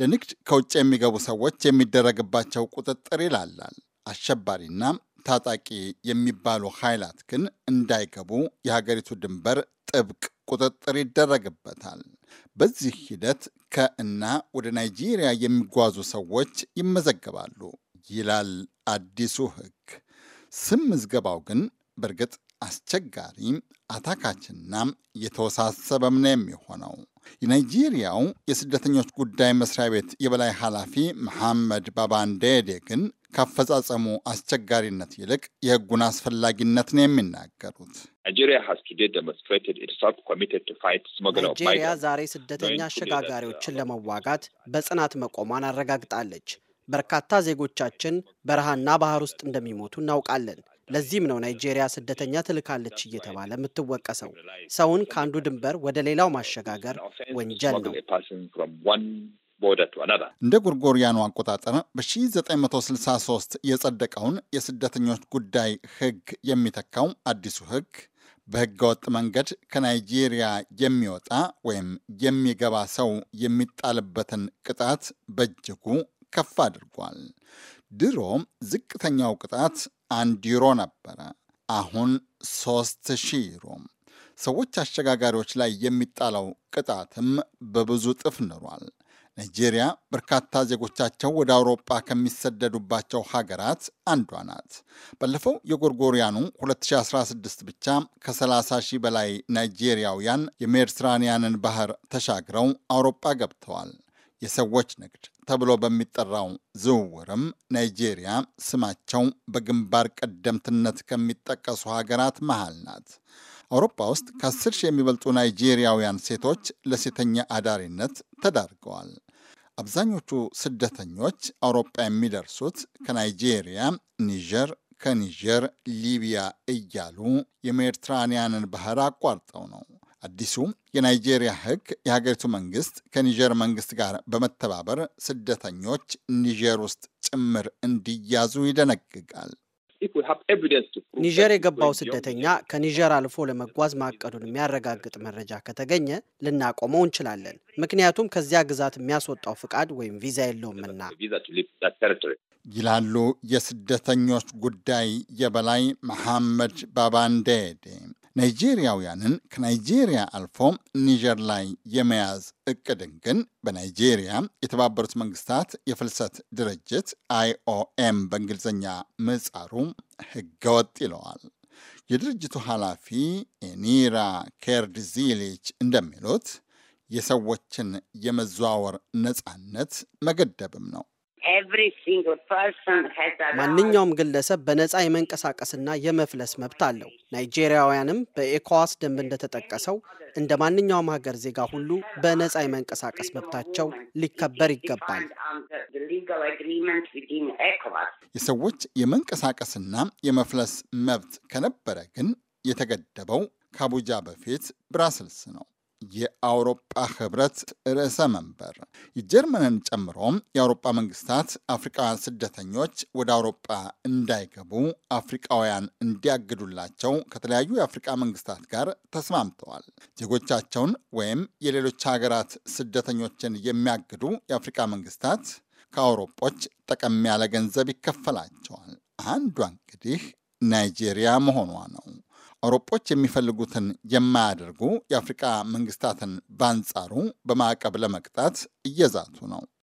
ለንግድ ከውጭ የሚገቡ ሰዎች የሚደረግባቸው ቁጥጥር ይላላል። አሸባሪና ታጣቂ የሚባሉ ኃይላት ግን እንዳይገቡ የሀገሪቱ ድንበር ጥብቅ ቁጥጥር ይደረግበታል። በዚህ ሂደት ከእና ወደ ናይጄሪያ የሚጓዙ ሰዎች ይመዘገባሉ ይላል አዲሱ ሕግ። ስም ምዝገባው ግን በእርግጥ አስቸጋሪ አታካችና የተወሳሰበም ነው የሚሆነው። የናይጄሪያው የስደተኞች ጉዳይ መስሪያ ቤት የበላይ ኃላፊ መሐመድ ባባንዴዴ ግን ካፈጻጸሙ አስቸጋሪነት ይልቅ የሕጉን አስፈላጊነት ነው የሚናገሩት። ናይጄሪያ ዛሬ ስደተኛ አሸጋጋሪዎችን ለመዋጋት በጽናት መቆሟን አረጋግጣለች። በርካታ ዜጎቻችን በረሃና ባህር ውስጥ እንደሚሞቱ እናውቃለን። ለዚህም ነው ናይጄሪያ ስደተኛ ትልካለች እየተባለ የምትወቀሰው። ሰውን ከአንዱ ድንበር ወደ ሌላው ማሸጋገር ወንጀል ነው። እንደ ጎርጎሪያኑ አቆጣጠር በ1963 የጸደቀውን የስደተኞች ጉዳይ ሕግ የሚተካው አዲሱ ሕግ በህገወጥ ወጥ መንገድ ከናይጄሪያ የሚወጣ ወይም የሚገባ ሰው የሚጣልበትን ቅጣት በእጅጉ ከፍ አድርጓል። ድሮ ዝቅተኛው ቅጣት አንድ ዩሮ ነበረ። አሁን ሶስት ሺህ ዩሮ። ሰዎች አሸጋጋሪዎች ላይ የሚጣለው ቅጣትም በብዙ ጥፍ ንሯል። ናይጄሪያ በርካታ ዜጎቻቸው ወደ አውሮጳ ከሚሰደዱባቸው ሀገራት አንዷ ናት። ባለፈው የጎርጎሪያኑ 2016 ብቻ ከ30 ሺህ በላይ ናይጄሪያውያን የሜዲትራኒያንን ባህር ተሻግረው አውሮጳ ገብተዋል። የሰዎች ንግድ ተብሎ በሚጠራው ዝውውርም ናይጄሪያ ስማቸው በግንባር ቀደምትነት ከሚጠቀሱ ሀገራት መሃል ናት። አውሮፓ ውስጥ ከ10 ሺህ የሚበልጡ ናይጄሪያውያን ሴቶች ለሴተኛ አዳሪነት ተዳርገዋል። አብዛኞቹ ስደተኞች አውሮፓ የሚደርሱት ከናይጄሪያ፣ ኒጀር፣ ከኒጀር ሊቢያ እያሉ የሜዲትራኒያንን ባህር አቋርጠው ነው። አዲሱ የናይጄሪያ ህግ የሀገሪቱ መንግስት ከኒጀር መንግስት ጋር በመተባበር ስደተኞች ኒጀር ውስጥ ጭምር እንዲያዙ ይደነግጋል። ኒጀር የገባው ስደተኛ ከኒጀር አልፎ ለመጓዝ ማቀዱን የሚያረጋግጥ መረጃ ከተገኘ ልናቆመው እንችላለን። ምክንያቱም ከዚያ ግዛት የሚያስወጣው ፍቃድ ወይም ቪዛ የለውምና ይላሉ የስደተኞች ጉዳይ የበላይ መሐመድ ባባንዴዴ። ናይጄሪያውያንን ከናይጄሪያ አልፎ ኒጀር ላይ የመያዝ እቅድን ግን በናይጄሪያ የተባበሩት መንግስታት የፍልሰት ድርጅት አይኦኤም በእንግሊዝኛ ምጻሩ ህገወጥ ይለዋል። የድርጅቱ ኃላፊ ኤኒራ ኬርድዚሊች እንደሚሉት የሰዎችን የመዘዋወር ነፃነት መገደብም ነው። ማንኛውም ግለሰብ በነፃ የመንቀሳቀስና የመፍለስ መብት አለው። ናይጄሪያውያንም በኤኮዋስ ደንብ እንደተጠቀሰው እንደ ማንኛውም ሀገር ዜጋ ሁሉ በነፃ የመንቀሳቀስ መብታቸው ሊከበር ይገባል። የሰዎች የመንቀሳቀስና የመፍለስ መብት ከነበረ ግን የተገደበው ከአቡጃ በፊት ብራስልስ ነው። የአውሮጳ ህብረት ርዕሰ መንበር የጀርመንን ጨምሮም የአውሮጳ መንግስታት አፍሪካውያን ስደተኞች ወደ አውሮጳ እንዳይገቡ አፍሪካውያን እንዲያግዱላቸው ከተለያዩ የአፍሪቃ መንግስታት ጋር ተስማምተዋል። ዜጎቻቸውን ወይም የሌሎች ሀገራት ስደተኞችን የሚያግዱ የአፍሪቃ መንግስታት ከአውሮጶች ጠቀም ያለ ገንዘብ ይከፈላቸዋል። አንዷ እንግዲህ ናይጄሪያ መሆኗ ነው። አውሮጶች የሚፈልጉትን የማያደርጉ የአፍሪቃ መንግስታትን በአንጻሩ በማዕቀብ ለመቅጣት እየዛቱ ነው።